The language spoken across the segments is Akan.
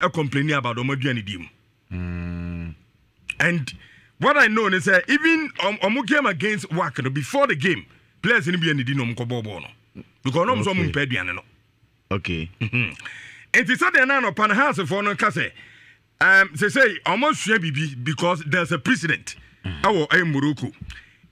a complain about Omo aduane di hmm. and what i know is that even Omo game against wak before the game players ni bi yɛ ni di na ɔmo kɔ bɔɔl bɔɔl no because ɔmo sɔ ɔmo mpɛ aduane no. okay. Mhm. nti sɛdeɛ naa no panahaasefoɔ no ka sɛ um, sɛsɛi ɔmo sua biribi because there's a president hmm. ɛwɔ ɛyɛ morocco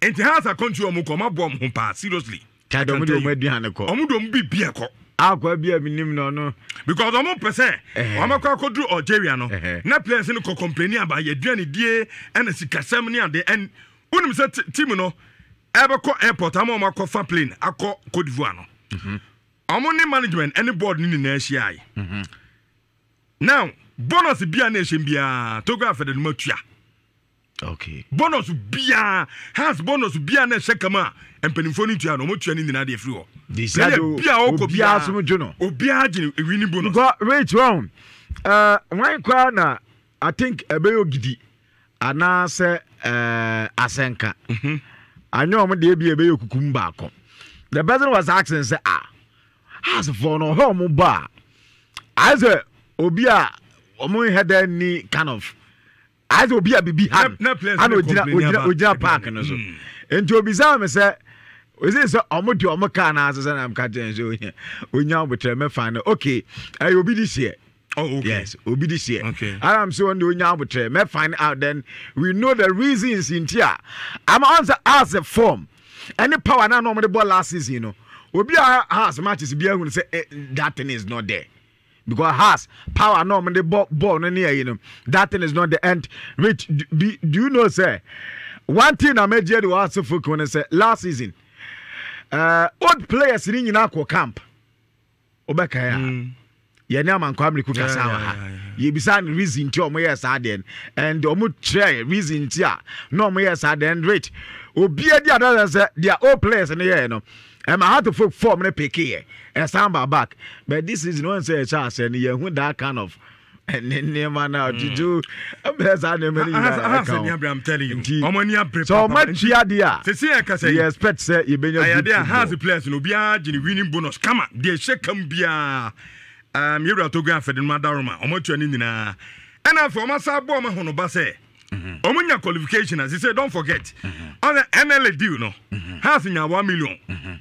nti haasa kɔntu ɔmo kɔ ɔmo aboɔ ɔmo ho paa seriously. kaa dɔm de ɔmo aduane kɔ. ɔmo de ɔmo bi bia kɔ akwa bi a minim na ɔno. because ɔmo pɛ ɔmo akɔ akɔduru algeria no na players no kɔ kɔmplɛni aba yɛ aduane die ɛna sikasɛm ne ade ɛn wonim sɛ team no ɛbɛkɔ airport ama ɔmo akɔfa plane akɔ cote divoire no mhm. ɔmo ne management ɛne board ne nyinaa ahyia yi mhm. now bonus bi a na ɛhyɛ biara togo afɛdɛnuma tua. okay. bonus bia bonus na ɛhyɛ kama a mpanimfoɔ no tua no ɔmɔtua no nyinaa de firi. hɔ biaa wokɔ biaa som dwo no obiaa gyene ɛwini bonus wait wrong uh, wan koraa na i think ɛbɛyɛ gidi anaasɛ uh, asɛnka anyɛ mhm. ɔm deɛ bi ɛbɛyɛ kukum baako the person was asking sɛ ah a sɛ obi a ɔmo ni kind of ayɛ sɛ obi a bibi ha ana ogyina park no so mm. nti obisa me sɛ ɔsi sɛ ɔmo de ɔmo kaa na asesɛ na mka kyɛn sɛ onya abotrɛmɛ fan no okay ɛyɛ obi de hyɛ Oh, okay. Yes, obi this year. Okay. I am so on the unyabutre. Me find out ah, then we know the reasons in here. I'm answer as a form. Any power na normally ball last season, you know. Obi has matches be able to say that thing is not there. because has power no me de bɔ ball no near you that thing is not the end which do, do you know say one thing i made you wɔn for when ne sɛ last season uh, old players in nyinaa kɔ camp obeka ya. Mm. yɛne amankwa amriku kasa wa ha yɛbisa no reason nti ɔmo yɛ saa deɛ and o mo try reason nti a na ɔmo yɛ saa deɛ obi e di adada say their old players no yɛɛ no ɛma how to fok form ne peke yɛ ɛsan ba back but this is no wɔn sɛ ɛkyɛ and you yɛhu that kind of ne nneɛma na juju ɛbɛrɛ saa nneɛma no nyinaa ɛka wo sɛ ɔma tua deɛ a yɛ expect sɛ yɛbɛnya ayadeɛ has players no obiara gye ne winning bonus kama deɛ ɛhyɛ kam biara um, yɛwura togo afɛde no adaroma ɔmatua no nyinaa ɛna afei ɔmasa bɔ ɔma honoba sɛ ɔmo mm-hmm. nya qualification a You sɛ don't forget On the nla deal no has your one million mm-hmm.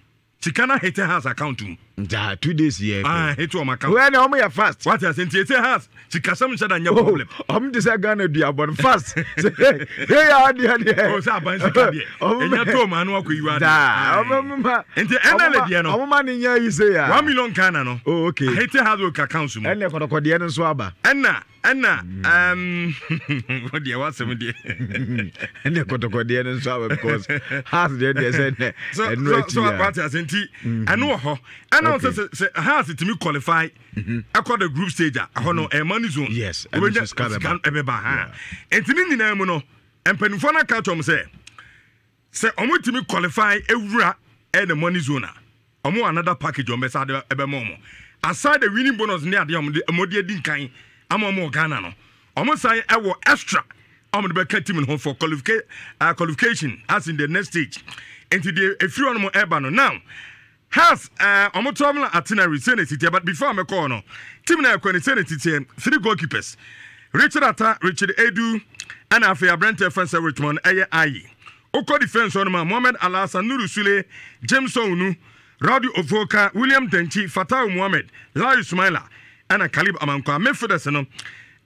sika no ahete house account too. two days yɛ eh. ah, wɛ na ɔmo oh, yɛ fast wate ase nti ese has sikasɛm nhyɛ da nyɛ problem ɔmo te sɛ ghana duabɔn fast hey adeɛ deɛ ɔ sɛ aban sika deɛ ɛnya to ɔmo ano akɔ yiwa daa ɔmo ma nti ɛna le deɛ no ɔmo ma ne nya yi se ya one million ghana no oh okay ahete has o ka council mu ɛna kɔdɔkɔdeɛ no nso aba ɛna ɛna deɛ wasɛm deɛ ɛne kɔtɔkɔdeɛ no nso aba because has deɛ deɛ sɛ ɛnɛ ɛnu ati ya so wate ase nti ɛno wɔ hɔ ɛna ɛna sɛ sɛ hans tumi qualify ɛkɔ mm-hmm. the group stage a ɛhɔ no ɛma mm-hmm. eh, ne zone yes ɛbɛnya sika ɛbɛba ha ɛnti eh, ne nyinaa mu no eh, mpanimfoɔ no aka kyɛm sɛ sɛ ɔmo tumi qualify ewura ɛna money zone a ɔmo another package ɔmo bɛsa de ɛbɛma ɔmo aside the winning bonus ne adeɛ ɔmo de ɔmo de edi nkan ama ɔmo ghana no ɔmo san ɛwɔ extra ɔmo de bɛka team no ho for ah, qualification as in the next stage nti deɛ efiri ɔmo ɛba no now. Has ɔmo tɔm na atenari sɛ ne titiɛ but before ɔmo kɔɔ no team na ɛkɔ ne sɛ ne titiɛ three goalkeepers Richard Ata Richard Edu ɛna afei aberante fɛnsɛ Richmond ɛyɛ ayi okɔ defence hɔ no ma Mohammed Alhassan Nuru Sule James Owunu Rodi Ovoka, William Denchi, Fatawu Mohammed Larry Sumaila ɛna Kalib Amankwa midfielders no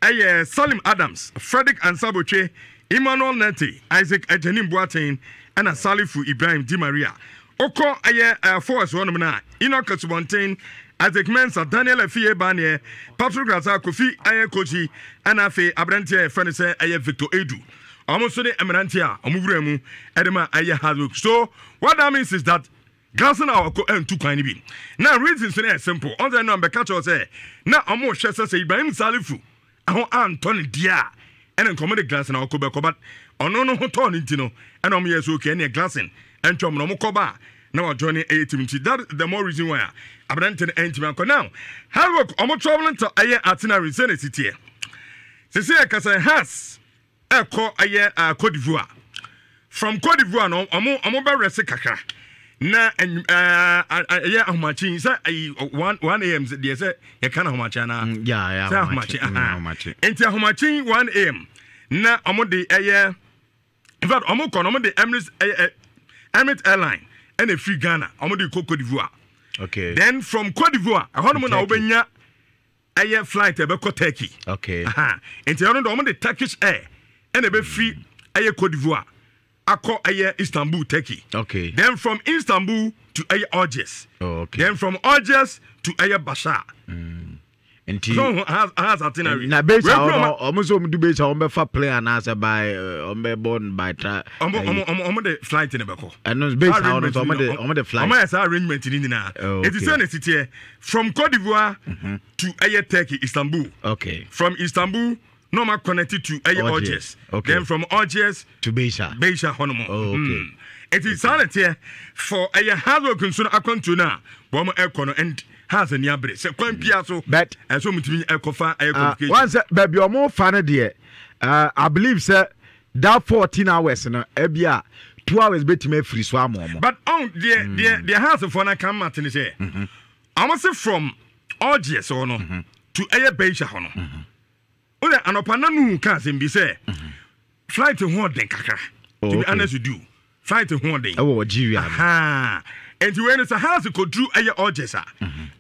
ɛyɛ Salim Adams Frederick Ansabotwe Emmanuel Nante Isaac Ejenim Boateng ɛna Salifu Ibrahim Di Maria wokɔ ɛyɛ ɛɛ eh, force hɔnom no a enoch asubɔnten isaac mensa daniel afie baneɛ eh, patrick rasa kofi ɛyɛ kochi ɛna afei aberanteɛ eh, a yɛfrɛ no sɛ victor edu ɔmo nso ne mmeranteɛ a ɔmo wura mu ɛde ma ɛyɛ hardwork so what that means is that ghana na wakɔ ɛntu kwan no bi na reasons ni yɛ simple ɔnsɛn no mbɛka kyerɛw sɛ na ɔmo hwɛ sɛ sɛ ibrahim salifu ɛho antɔ ne deɛ a ɛne nkɔmɔ de ghana na wakɔ bɛkɔ but ɔno no ho tɔɔ ne nti no ɛna ɔmo yɛ so okay ɛne ghana ɛntwɛm na ɔmo kɔba a na wɔjɔ ne ɛyɛ tim nti that the more reason why a aberante no ɛntimi ankɔ now harvok ɔmo traveling to ɛyɛ artinary sɛ na ɛsi teɛ sisi ɛkasa has ɛkɔ ɛyɛ uh, cote divoire from cote divoire no ɔmo ɔmo bɛrɛse kakra na ɛyɛ e, e, ahomakye sɛ ayi one one am deɛ sɛ yɛka na ahomakye anaa sɛ ahomakye ahomakye nti ahomakye one am na ɔmo de ɛyɛ in fact ɔmo kɔ no ɔmo de emirates ɛyɛ ɛ. Emirates Airline ɛna ɛfiri Ghana wɔn de kɔ Cote d'Ivoire. Okay. Then from Cote d'Ivoire ɛhɔnom na wɔbɛnya ɛyɛ flight ɛbɛkɔ Turkey. Okay. Aha nti ɛhɔnom na wɔn de Turkish Air ɛna ɛbɛfiri ɛyɛ Cote d'Ivoire akɔ ɛyɛ Istanbul Turkey. Okay. Then from Istanbul to ɛyɛ Algiers. Oh, okay. Then from Algiers to ɛyɛ Bashar. Mm nti eh, na base a ɔno ɔmo sɛ ɔmo du base a ɔmo bɛfa play anaasɛ by ɔmo eh, bɛ born by tra. ɔmo ɔmo ɔmo de flight ne bɛkɔ. ɛnu base a ɔno sɛ ɔmo de ɔmo de flight. ɔmo ayɛ saa arrangement ni nyinaa oh, eti sɛ ne si from cote d'ivoire mm-hmm. to ɛyɛ turkey istanbul. okay from istanbul na connected to ɛyɛ algiers okay then from algiers to beisa beisa hɔnom. oh okay mm. eti saa ne teɛ for ɛyɛ hard work nso akɔntuo na wɔn ɛkɔ no and has ani abere sɛ kwan bia mm. so ɛsɛ eh, mutumi ɛkɔfa eh, ɛyɛ eh, ah, communication. wọn sɛ baabi ɔmo fa no deɛ i believe sɛ that fourteen hours no ebi a two hours betumi efiri so ama ɔmo. but ɔn oh, mm. deɛ deɛ deɛ has fo na kan mat ni sɛ mm-hmm. ɔmo se from ɔgyeɛ so no mm-hmm. to ɛyɛ bɛyisa hɔ no mm-hmm. o de anɔpa nanu kan asɛm bi sɛ flight ho ɔden kakra to be honest with you flight ho ɔden. ɛwɔ Jiria nti wei no sɛ has kɔduru ɛyɛ orges a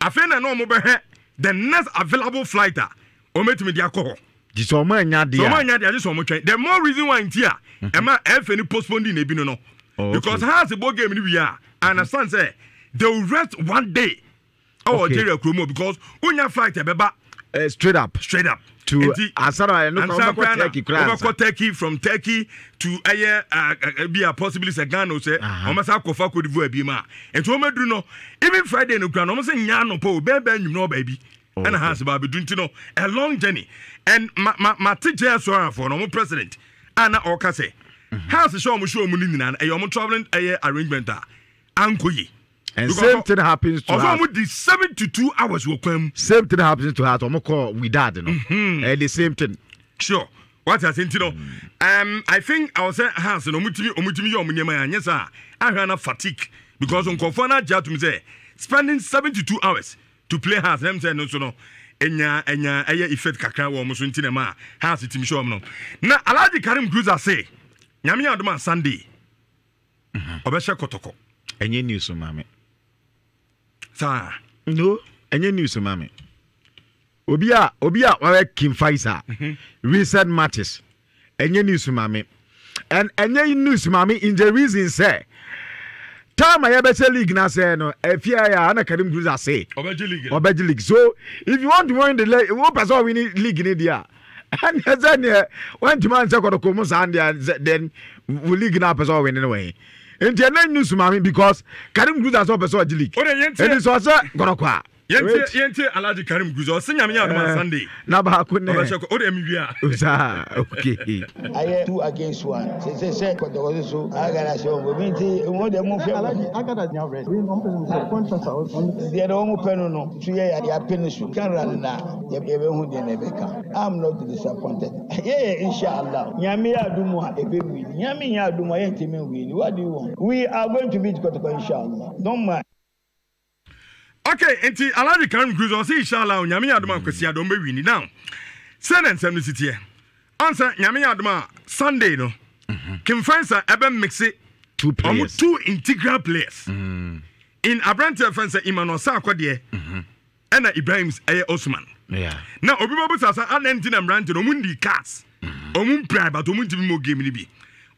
afei na na ɔmo bɛhwɛ the next available flight a ɔmɛtumi de akɔ hɔ sɛ the more reason why nti a mhm. ɛma ɛfɛ ni postpone di na ebi no no because okay. because has game ni wia i mhm. understand sɛ they will rest one day ɛwɔ algeria kurom o because wonya flight ɛbɛba. E uh, straight up. Straight up. To Asara, eh, no problem. Turkey, Obako Turkey from Turkey to Aye, eh, uh, ah, be a possibly say Ghana, say, Omasa Kofa could do a bima. And to Omedu, no, even Friday, no grand, almost Yano Po, baby, you know, baby. And a house about doing to know a long journey. And my teacher, sorry for no president, Anna Okase. Mm-hmm. House is show, I'm sure, Munina, a traveling arrangement. Ankoye and because same thing happens to her ọfọ mu di seventy two hours wọ kwan mu. same thing happens to her ọmọ kọ widad no ẹ mm-hmm. eh, the same thing. sure wati ase nti no um, i think awo sɛ hans no ɔmutumi ɔmutumi yɛ ɔmo nneɛma yɛ anyɛ saa ahwɛ na fatigue because nkɔfoɔ no agye atum sɛ spending seventy two hours to play hans na sɛ no nso no ɛnya ɛnya ɛyɛ effect kakra wɔ ɔmo so nti na ma a hans tim hyɛ ɔmo no na alhaji karim cruz ase nyame yɛ adoma sunday ɔbɛhyɛ kɔtɔkɔ. ɛnyɛ news maame. saa no ɛnyɛ news ma me obi a obi a wɔyɛ kim faisa mhm. recent matches ɛnyɛ news ma me and ɛnyɛ news ma me in the reason sɛ time a yɛbɛsɛ league na sɛ no efi a yɛ ana karim cruiser se ɔbɛgye league ɔbɛgye league so if you want to win the league wo pɛ sɛ ɔwin league ni deɛ ɛnɛ sɛ neɛ wɔntumi ansɛ kɔdɔkɔ mu saa deɛ then league na pɛ sɛ ɔwin no wɔ nti ɛna news maame because karim cruise asɛ ɔpɛ sɛ ɔgye league ɛnti sɛ ɔsɛ gɔrɔkɔ a yɛntie alhaji karim guzo ɔse nyame yɛ adoma eh, sunday na baako nɛ wode mi wie a saa ok ayɛ two against one sɛsɛ sɛ kɔtɔkɔso so aganasɛ obi nti mu de mu fɛ deɛ dɛ ɔmu pɛ no no so yɛ yɛapɛ no so camera no na yɛbɛhu deɛ na ɛbɛka am not disappointed yɛyɛ inshallah nyame yɛ adom a ɛbɛwini nyame yɛ adom a yɛntimi wini what do you want we are going to beat kɔtɔkɔ inshallah don't mind okay nti alade kan nkuru sɛ ɔsɛ inshallah onyame yɛ adom hmm. a nkwasi adom bɛwi ni now sɛ na nsɛm no si ansa nyame yɛ adom a sunday no mhm. kemfansa ɛbɛmixe two players ɔmo two integral players hmm. in aberanteɛ fɛn sɛ emmanuel saakɔ deɛ ɛna mhm. ibrahim ɛyɛ osman yeah. na obi bɛ busa sa adan na mmeranteɛ no ɔmo ndi cars ɔmo mhm. mpira but ɔmo ntumi mo game ni bi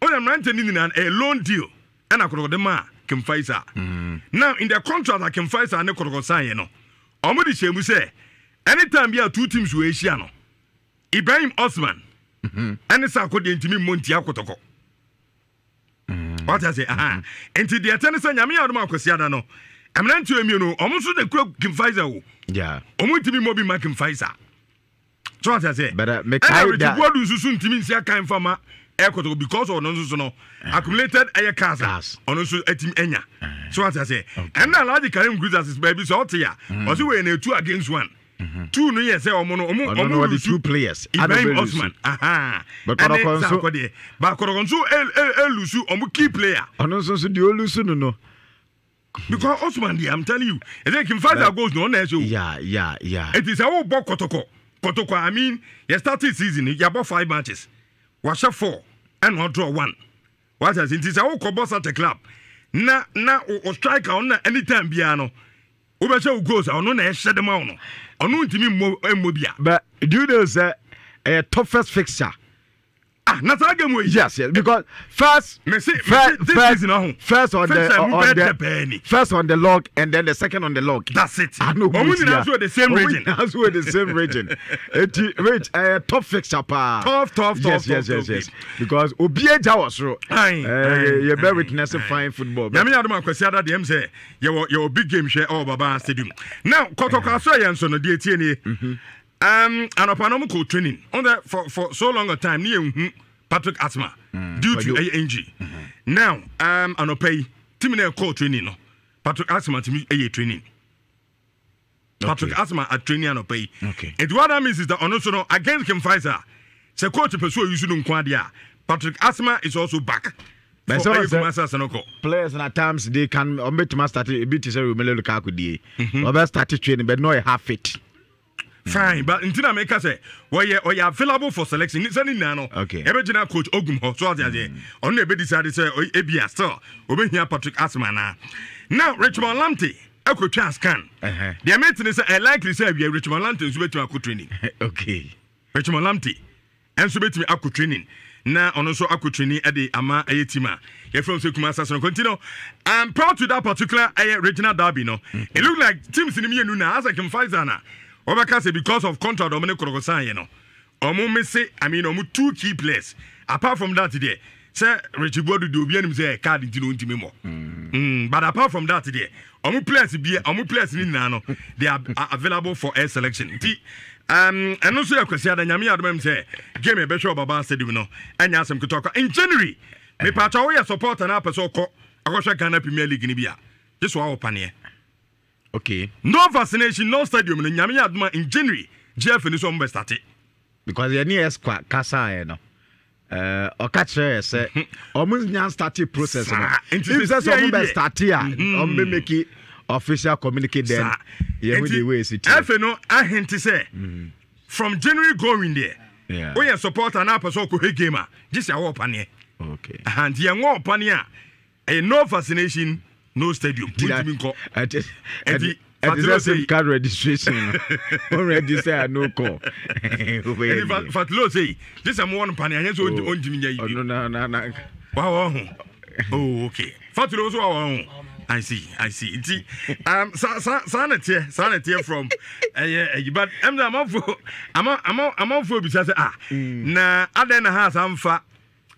ɔna mmeranteɛ no nyinaa ɛyɛ loan deal ɛna kɔrɔkɔdɛ maa kimfaisa now in the contract a kimfaisa ne kɔrɔkɔsan yɛ no ɔmo de hyɛn mu sɛ anytime bi a two teams wɔ ahyia no ibrahim osman ɛne saako deɛ ntumi mmɔ ntia kɔtɔkɔ wata sɛ aha nti deɛ ɛtɛ ne sɛ nyame a ɔdom akɔsi ada no mmerante mmienu no ɔmo nso de kura kimfaisa o ɔmo ntumi mmɔ bi ma kimfaisa so wata sɛ ɛna uh, retiguadu nsusu ntumi nsi akan fama ɛkɔtɔ because ɔno nso so no accumulated ɛyɛ cars ɔno nso ɛtumi ɛnya so wate aseɛ ɛnna alhaji karim cruisers baabi sɛ ɔte a ɔsi wɔ yɛn two against one mm-hmm. two no yɛ sɛ ɔmo no ɔmo ɔmo lu two players ibrahim osman ɛne sakɔ deɛ bakɔrɔkɔ nso ɛlu su ɔmo key player. ɔno nso so deɛ olu su no no. because osman deɛ i'm telling you ɛsɛ kim fata goals na ɔna ɛsɛ o. ya sɛ o kɔtɔkɔ kɔtɔkɔ i mean yɛ starting season yɛ bɔ five matches wahyɛ four ɛna ɔdrɔ one wata se nti sɛ wokɔbɔ sate club na na o strike ɔno na anytime biara no wobɛhyɛ wo goals a ɔno na ɛhyɛ de ma wo no ɔno ntumi mmɔ bia but due to know sɛ ɛyɛ toughest fixture ah na saa game wey. yes yes because first. me see first, me see this season ahun. first on first the on the first on the log and then the second on the log. that's it. i know who is there omu nyina the same region. omu nyina the same region. eti rich uh, eh, top fixture paa. tough tough yes, tough yes, tough yes yes yes because obi eja wɔ soro. ayi eh, ayi yɛ bɛ witness fine football. nyame yadum akwasi ada deɛ m sɛ yɛ wɔ yɛ wɔ big game hwɛ ɔwɔ oh, baba stadium now kɔtɔkɔ eh. aso yɛn so no deɛ tie nie. Mm-hmm um, anɔpa no mokɔ training ɔn for, for so long a time ne yɛnhu patrick asma mm, due to ɛyɛ ng mm-hmm. now um, anɔpa yi timi na ɛkɔɔ training no patrick asma timi ɛyɛ training patrick okay. asma atrani anɔpa pay. okay. And what that means is that ɔno so no against him Pfizer. So coach to pursue you no nko adeɛ patrick asma is also back But so sɛ players at times they can a bit. ɔmbɛtumi astarte ebi te sɛ romelo could die mhm. ɔbɛ starte training but na a half fit fine but nti na meka sɛ wɔyɛ ɔyɛ available for selection sɛ ne nyinaa no yɛbɛgyina coach ogum hɔ so adeadeɛ mm. ɔno oh, na ɛbɛdi sade sɛ ebia still ɔbɛhia patrick asm anaa now richmond lamte akɔtwa scan uh-huh. deɛ metene sɛ ɛlikely eh, sɛ awia richmond lamte nso bɛtumi akɔ training Okay, richmond lamte ɛnso bɛtumi akɔ training na ɔno nso akɔ training de ama ɛyɛ team a yɛfrɛ sɛ kuma asase no kɔnti i'm proud to that particular ɛyɛ eh, regional derby no mm-hmm. it look like teams no mmienu na asɛ kemfaisa na wɔbɛka sɛ because of contract ɔmo ne korokosanyɛ no ɔmo mese i mean ɔmo two key players apart from that deɛ sɛ Richard boadu deɛ obi anim sɛ card nti no ntumi mɔ mm, but apart from that deɛ ɔmo players bi ɔmo players ne nyinaa no they are, available for air selection nti um, ɛno nso yɛ kwasi ada nyame adoma mu sɛ game ɛbɛhwɛ ɔbaba stadium no ɛnyɛ asɛm ketewa kɔ in january mepatwa woyɛ supporter no apɛ sɛ ɔkɔ akɔhwɛ ghana premier league no bi a gye so awɔ paneɛ okay no vaccination no stadium no nyame adoma in january gf ni so mo start because yɛ ne yɛ squa kasaeɛ no ɔka kyerɛ yɛ sɛ ɔmo nya starte process no if sɛ sɛ ɔmo bɛ starte a ɔmo bɛ meki official communicate then yɛho de wei si ti afei no ahente sɛ mm-hmm. from january going there woyɛ supporter na apɛ sɛ ɔkɔhwɛ game a gye sɛ awɔ ɔpaneɛ nti yɛwɔ ɔpaneɛ a ɛyɛ no vaccination no stadium wotumi nkɔ ɛti fatilo sei card registration no register a no call ɛti fatilo sei gye sɛ mowɔ no pane anyɛ sɛ ɔntumi nya yibi wawɔ ho oh okay fatilo so wawɔ ho I see, I see. Nti, um, sanity, sanity from ɛyɛ ɛyiba. Ɛmu na amanfo, ama ama amanfo bi sɛ ah, mm. na adan na ha asanfa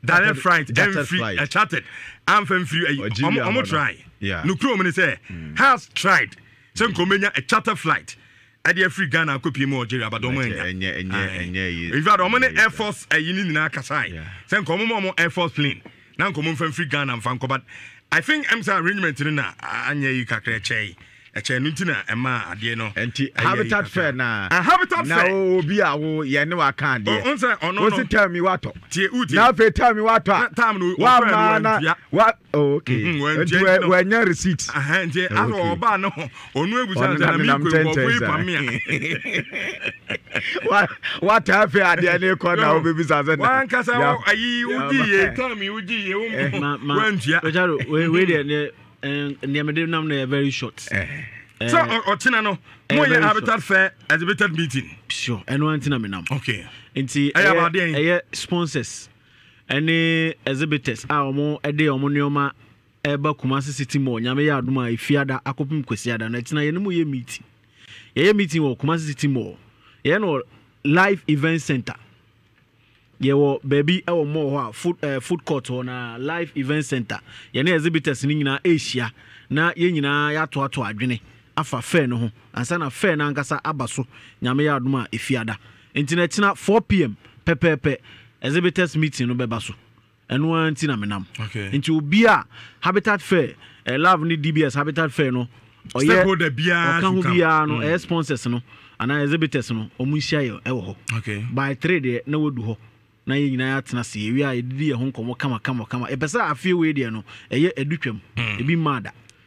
direct flight, ɛnfi, ɛcharted. I'm amfa mfiri I'm ɔmo try nokuro mu ne say has tried sɛ nkɔmɛnya a charter flight I ɛde free ghana copy more Nigeria, but don't mind. ɔmo anya infact ɔmo ne air force ayi ne nyinaa kasae sɛ nkɔmɔ mu ɔmo air force plane na nkɔmɔ mfa mfiri ghana and nkɔ but i think I'm sɛ arrangement no na anyɛ yi kakra kyɛe ɛkyɛn no nti na ɛma adeɛ no. nti habitat fair na. habitat fair na obi a wo yɛn ne wa kan adeɛ. o nsɛ ɔno no wosi tɛn mi watɔ. tie u tie n'afɛ tɛn mi watɔ a. tɛn mi wa ma na wa ok mm-hmm, nti wɛ nyɛ receipt. nti alo ɔbaa no ɔnu egusi ase na mi kwe wɔ fo ipa mi a. wa tɛn fɛ adeɛ ne kɔ na o bɛ bisa sɛ na. wa nkasa ayi o ji ye tɛn o ji ye o mu wɛ ntua. Eh, nneɛmade nam no yɛ very short eh. Eh, sɛ ɔtena no moyɛ habitat fair exhibited meeting sure ɛno anti na menam nti ɛyɛ sponsors ɛne exhibitors a ɔmo de ɔmo nneɔma ɛba kuma se city mall nyame yɛ adom a ɛfiada akɔpem kwasiada no ɛtena yɛne mu yɛ meeting yɛyɛ meeting wɔ kuma se city mall yɛyɛ no live event center yɛwɔ baabi ɛwɔ mɔ hɔ a food, uh, food court hɔ na live event center yɛne exhibitors no nyinaa ɛhyia na yɛn nyinaa yɛatoato adwene afa fɛɛ no ho ansa na fɛɛ no ankasa aba so nyame yɛ adom a ɛfiada nti na ɛkyena 4 pm pɛpɛɛpɛ exhibitors meeting no bɛba so ɛno ara nti na menam okay. nti obi a habitat fair eh, love ne dbs habitat fair no ɔyɛ ɔka ho biara no mm. ɛyɛ sponsors no anaa exhibitors no ɔmo nhyia yɛ ɛwɔ hɔ okay. by 3 deɛ na wadu hɔ na yɛ nyinaa atena se yɛwie a yɛdidi yɛ ho nkɔmmɔ kamakama kama ɛpɛ sɛ afei wei deɛ no ɛyɛ adutwam hmm. ɛbi maa da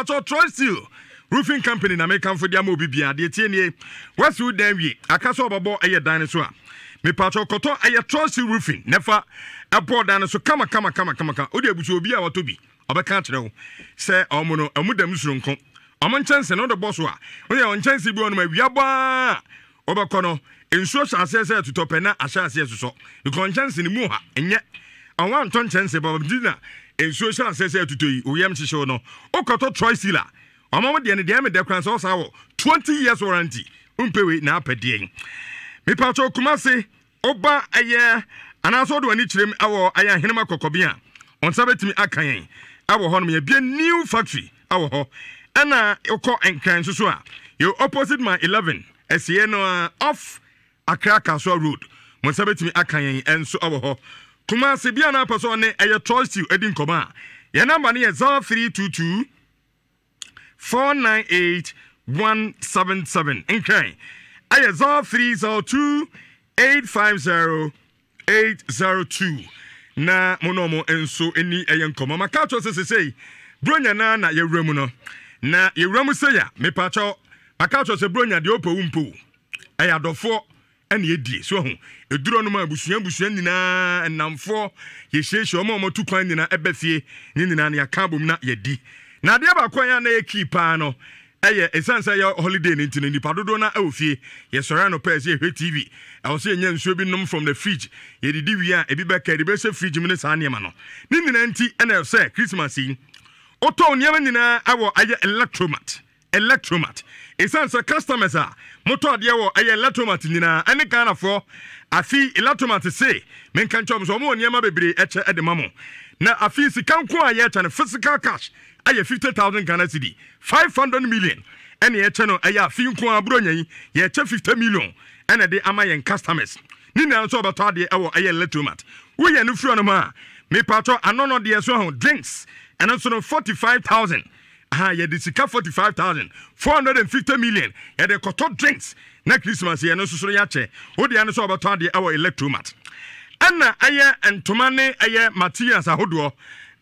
mpatsɔ troy steel roofing company na mekamfo de ama obi bia deɛ tie nie westwood dan wie aka sɛ ɔbɛbɔ ɛyɛ dan no so a mepatsɔ kɔtɔ ɛyɛ troy steel roofing nafa ɛbɔ dan no so kamakamakamakama wode abusu obi a watɔ bi ɔbɛka akyerɛ wo sɛ ɔmo no ɛmu dam soronko ɔmo nkyɛnse no wode bɔ so a woyɛ ɔ nkyɛnse bi ɔnom awia bɔa a wobɛkɔ no nsuo hyɛ aseɛ sɛ totɔpɛ na ahyɛ aseɛ sosɔ because nkyɛnse no mu ha ɛnyɛ ɔwɔ antɔ nkyɛnse baba nti na nsuo hyɛ asɛ sɛ atutu yi oyam hyehyew no wokɔtɔ troy seal a ɔma mo deɛ no deɛ medɛ kora sɛ wosaa wɔ 20 years warranty wompɛwei na apɛdeɛ yi mepatɔ kuma se woba ɛyɛ anaasɛ wode w'ani kyerɛm awɔ ɛyɛ ahenema kɔkɔbe a ɔnsa bɛtumi aka yɛn awɔ hɔ nom yɛbie new factory awɔ hɔ ɛna wokɔ nkran nso so a yɛ opposite ma 11 ɛsiɛ no a uh, off akra kasoa road mo nsa bɛtumi aka yɛn ɛnso awɔ hɔ kumase bia na apɛ sɛ ɔne ɛyɛ trostew adi nkɔmmɔ a yɛn namba no yɛ one seven seven nhwɛn ɛyɛ 0302 850 802 na mo ne ɔmo nso ani ɛyɛ nkɔmmɔ maka kyerɛ sɛ sesei buro nyanaa na yɛwura mu no na yɛwura mu sɛi a mepaakyɛw maka kyerɛ sɛ buro nya deɛ ɔpɛ wo mpo ɛyɛ adɔfoɔ ɛna yɛdie so ho ɛduro no mu abusua abusua nyinaa ɛnamfoɔ yɛhyiahyia ɔma ɔmatu kwan nyinaa ɛbɛ fie ne nyinaa no yɛaka abom na yɛdi na adeɛ baako a na yɛkii paa no ɛyɛ ɛsiane sɛ ɛyɛ holiday no nti no nnipa dodoɔ no ɛwɔ fie yɛsɔre anɔpɛɛ sɛ yɛhwɛ tv ɛwɔ sɛ yɛnya nsuo bi nom from the fridge yɛdidi wie a ebi bɛka ɛde bɛhyɛ fridge mu ne saa nneɛma no ne nyinaa nti ɛna ɛsɛ christmas yi wotɔw nneɛma nyinaa ɛwɔ ayɛ electromat electromat ɛsiane sɛ customers a motɔdeɛ wɔ ɛyɛ electromat nyinaa ɛne ghanafoɔ afi electromat se menka nkyɛm sɛ ɔmowɔ nneɛma bebree ɛkyɛ de ma mo na afei sika nko a yɛkyɛ no physical cash ayɛ 50000 ghana cedi 500 million ɛne yɛkyɛ no ɛyɛ afi nko a borɔ nyai yɛkyɛ 50 million ɛne de ama yɛn customers ne nyinaa nso ɔbɛtɔ adeɛ ɛwɔ ɛyɛ electromat woyɛ no firi no mu a mepatɔ anɔnɔdeɛ so ho drinks ɛno nso no 45000 aha yɛde sika 45000 450 million yɛde kɔtɔ drinks na christmas yɛno nso so yɛakyɛ wodea no sɛ wɔbɛtɔ adeɛ ɛwɔ electromat ɛna ɛyɛ ntoma ne ɛyɛ materials ahodoɔ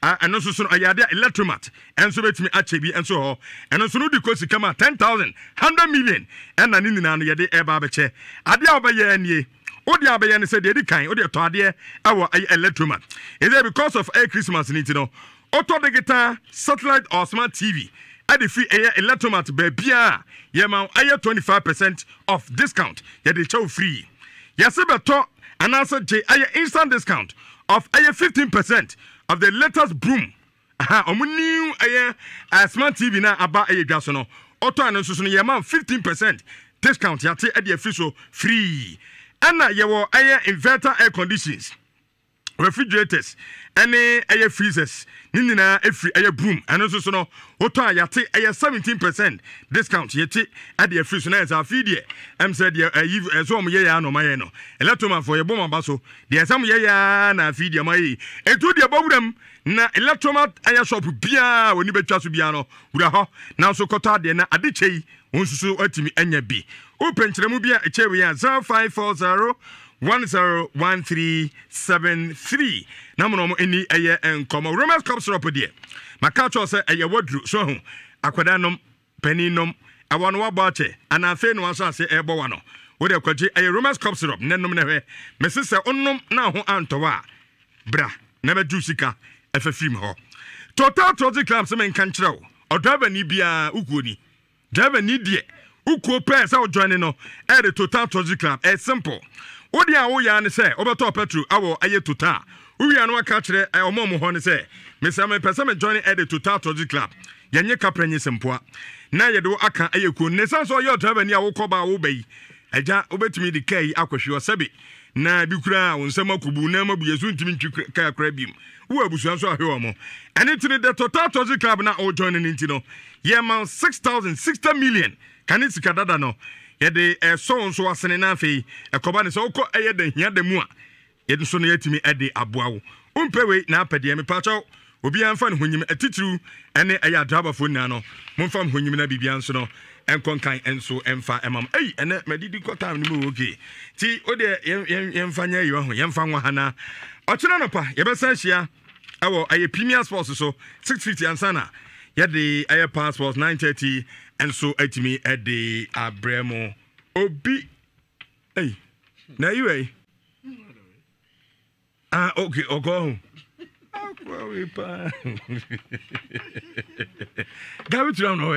ah, ɛno nso so no ɛyɛ adeɛ electromat ɛnso bɛtumi akyɛ bi ɛnso hɔ ɛno nso no wode kɔ sika ma 10000 100 million ɛna ne nyinaa no yɛde ɛba abɛkyɛ adeɛ a wobɛyɛ nie wode abɛyɛ no sɛ deɛ ɛdi kan wode ɛtɔ adeɛ ɛwɔ ɛyɛ electromat ɛsɛ because of ɛyɛ christmas no ti no Auto digital satellite or smart tv ɛde fi ɛyɛ electromat baabiaa yɛma ɛyɛ 25 percent of discount yɛde kyɛw free yɛse bɛtɔ anaasɛ gye ɛyɛ instant discount of ɛyɛ 15 of the latest broom aha ɔmo new ɛyɛ uh, smart tv na aba ɛyɛ dwa so no ɔtɔ ano nso so no yɛma 15 discount yɛate ɛde afi so free ɛna yɛwɔ ɛyɛ inverter air conditions refrigerators ɛne ɛyɛ freezers ne nyinaa ɛfiri ɛyɛ broom ɛno nso so no wotɔ a yɛate ɛyɛ 17 percent discount yɛte ɛde afiri so na ɛsɛ afei deɛ ɛm sɛ deɛ ɛyi ɛsɛ ɔm yɛyɛ a na ɔmayɛ no electromanfoɔ yɛbɔ mu aba so deɛ ɛsɛ m yɛyɛ na afei deɛ mayɛ ɛtu deɛ bɔwuram na electroma ɛyɛ shop biaa wɔni bɛtwa so biaa no wura hɔ nanso kɔtɔ adeɛ na ade kyɛ yi wɔn nso so atumi anya bi wopɛ nkyerɛmu bi a ɛkyɛ wei a 0540 one zero one three seven three na mo na ɔmo ani ɛyɛ nkɔmɔ romans cup syrup deɛ maka kyerɛ sɛ ɛyɛ waduru so ho hmm. akwadaa nom panin nom ɛwɔ no wabɔ akyɛ anaafei na wahyɛ ɛɛbɔ wa no wode akwagye ɛyɛ romans cup syrup ne nom ne hwɛ mese sɛ wonom na ho antɔwɔ a bra na bɛgye sika ɛfɛ firi hɔ total trosi club sɛ menka nkyerɛ wo ɔdrivani biara wokuo ni drivani deɛ wokuo pɛɛ sɛ wojoine no ɛyɛ total trosi club ɛyɛ simple wode a woyɛ ne sɛ wobɛtɔ petro awɔ ayɛ tota a wowia no waka kyerɛ ɔma mu hɔ ne sɛ mesɛ mepɛ sɛ mejoine ɛde tota togy club yɛnyɛ kapra nyɛ sɛmpoa na yɛde wo aka ɛyɛ kuo ne san sɛ ɔyɛ ɔtabani a wokɔ ba a woba yi agya wobɛtumi de kaa yi akɔhwe ɔsɛbe na bi koraa wo nsɛm akɔbu na ma bu yɛso ntumi ntwi kaa koraa biom wo abusua nso ahwe wɔ mo ɛne ntini de total togy club na wojoine no nti no yɛma 6000 60 million kane sika dada no yɛde ɛsɔn nso asene na afei ɛkɔba ne sɛ wokɔ ɛyɛ da hia da mu a yɛde nso no yɛatumi ɛde aboa wo wompɛ wei na apɛdeɛ mepakyɛw obiara mfa ne honyim atitiriw ɛne ɛyɛ adrabafoɔ nyinaa no momfa me honyim na biribia nso no ɛnkɔnkan nso ɛmfa ɛma m ɛyi ɛnɛ madidi kɔ time no mu wɔke nti wodeɛ yɛmfa nyɛ ayiwa ho yɛmfa nwa hana ɔkyena nɔpa yɛbɛsan hyia ɛwɔ ɛyɛ premier sports so 650 ansa na yɛde ɛyɛ passports 930 nso atumi de abrɛ mu obi ei na yi wei ah okay ɔkɔ ho akɔ wei paa gabi tura na ɔyɛ.